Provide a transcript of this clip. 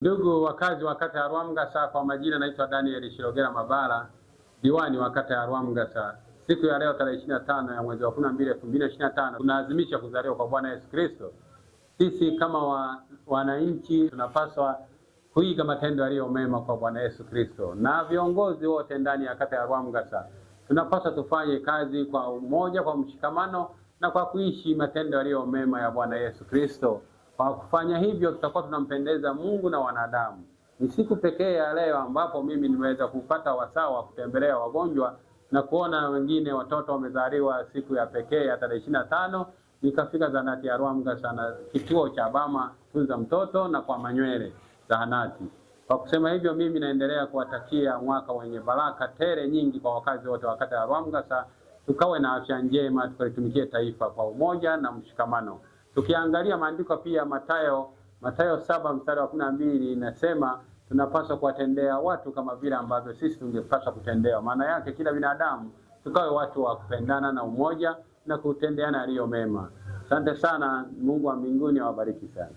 Ndugu wakazi wa kata ya Rwamgasa, kwa majina naitwa Daniel Shirogera Mabara, diwani wa kata ya Rwamgasa. Siku ya leo tarehe ishirini na tano ya mwezi wa kumi na mbili elfu mbili na ishirini na tano tunaadhimisha kuzaliwa kwa Bwana Yesu Kristo. Sisi kama wa, wananchi tunapaswa kuiga matendo yaliyo mema kwa Bwana Yesu Kristo, na viongozi wote ndani ya kata ya Rwamgasa tunapaswa tufanye kazi kwa umoja, kwa mshikamano na kwa kuishi matendo yaliyo mema ya Bwana Yesu Kristo. Kwa kufanya hivyo, tutakuwa tunampendeza Mungu na wanadamu. Ni siku pekee ya leo ambapo mimi nimeweza kupata wasaa wa kutembelea wagonjwa na kuona wengine watoto wamezaliwa siku ya pekee ya tarehe ishirini na tano. Nikafika zahanati ya Rwamga sana kituo cha Bama Tunza Mtoto na kwa Manywele zahanati. Kwa kusema hivyo, mimi naendelea kuwatakia mwaka wenye baraka tele nyingi kwa wakazi wote wa kata ya Rwamgasa. Tukawe na afya njema, tukalitumikie taifa kwa umoja na mshikamano. Tukiangalia maandiko pia Mathayo, Mathayo saba mstari wa kumi na mbili inasema tunapaswa kuwatendea watu kama vile ambavyo sisi tungepaswa kutendewa. Maana yake kila binadamu tukawe watu wa kupendana na umoja na kutendeana yaliyo mema. Asante sana. Mungu wa mbinguni awabariki sana.